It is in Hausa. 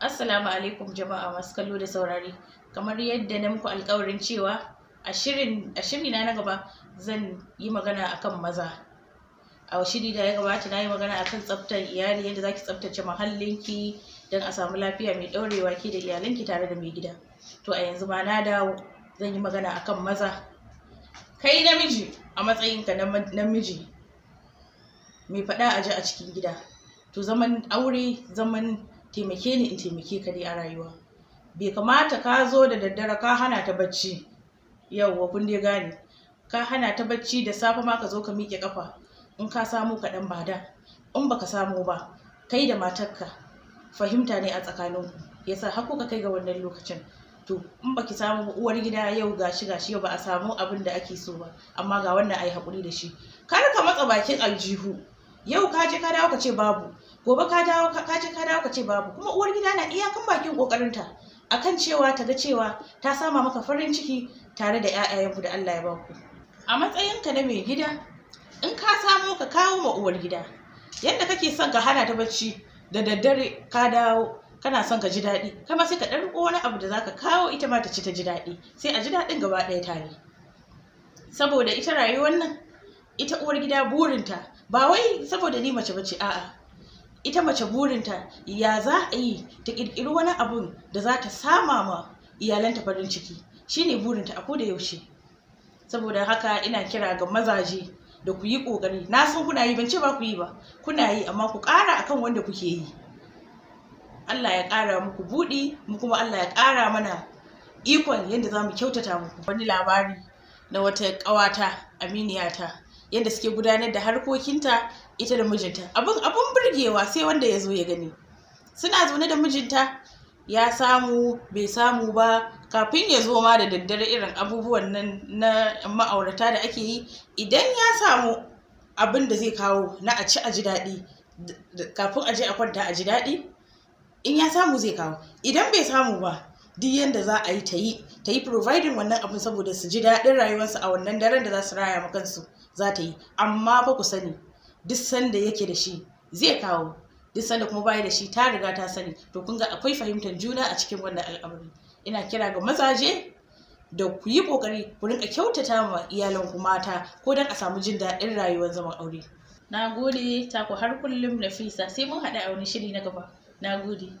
Assalamu alaikum jama'a masu kallo da saurari. Kamar yadda na muku alƙawarin cewa a shiri na na gaba zan yi magana akan maza. A shiri da ya gabata na yi magana akan tsaftar iyali yadda zaki tsaftace muhallinki don a samu lafiya mai ɗorewa ke da iyalanki tare da mai gida. To a yanzu ma na dawo zan yi magana akan maza. Kai namiji a matsayinka na namiji mai faɗa a ji a cikin gida. To zaman aure zaman taimake ni in taimake ka dai a rayuwa bai kamata ka zo da daddare ka hana ta bacci yauwa kun dai gane ka hana ta bacci da safe ma ka zo ka miƙe kafa in ka samu kaɗan ba da in baka samu ba kai da matarka fahimta ne a tsakaninku yasa har ka kai ga wannan lokacin to in baki samu uwar gida yau gashi gashi yau ba a samu abin da ake so ba amma ga wannan ai hakuri da shi kar ka matsa bakin aljihu yau ka je ka dawo ka ce babu gobe ka dawo ka ce ka dawo ka ce babu kuma uwar gida na iyakan bakin kokarinta akan cewa ta ga cewa ta sama maka farin ciki tare da ƴaƴayenku da Allah ya baku a matsayinka na mai gida in ka samo ka kawo ma uwar gida yadda kake son ka hana ta bacci da daddare ka dawo kana son ka ji daɗi kama sai ka ɗan riko wani abu da zaka kawo ita ma ta ci ta ji daɗi sai a ji daɗin gaba ɗaya tare saboda ita rayuwar nan ita uwar gida burinta ba wai saboda ni mace bace a'a ita mace burinta ya za a yi ta ƙirƙiri wani abun da za ta sama ma iyalanta farin ciki shine burinta a koda yaushe saboda haka ina kira ga mazaje da ku yi ƙoƙari na san kuna yi ban ce ba ku yi ba kuna yi amma ku ƙara akan wanda kuke yi Allah ya ƙara muku buɗi mu kuma Allah ya ƙara mana ikon yadda za mu kyautata muku wani labari na wata ƙawata aminiyata yadda suke gudanar da harkokinta ita da mijinta abin abun burgewa sai wanda ya zo ya gani suna zaune da mijinta ya samu bai samu ba kafin ya zo ma da daddare irin abubuwan nan na ma'aurata da ake yi idan ya samu abin da zai kawo na a ci a ji daɗi kafin a je a kwanta a ji daɗi in ya samu zai kawo idan bai samu ba duk yadda za a yi ta yi ta yi providing wannan abin saboda su ji daɗin rayuwarsu a wannan daren da za su raya ma kansu za ta yi amma fa ku sani duk sanda yake da shi zai kawo duk sanda kuma baya da shi ta riga ta sani to kun ga akwai fahimtar juna a cikin wannan al'amari ina kira ga mazaje da ku yi kokari ku rinka kyautata ma iyalanku mata ko dan a samu jin daɗin rayuwar zaman aure na gode ku har kullum nafisa sai mun haɗa a wani shiri na gaba na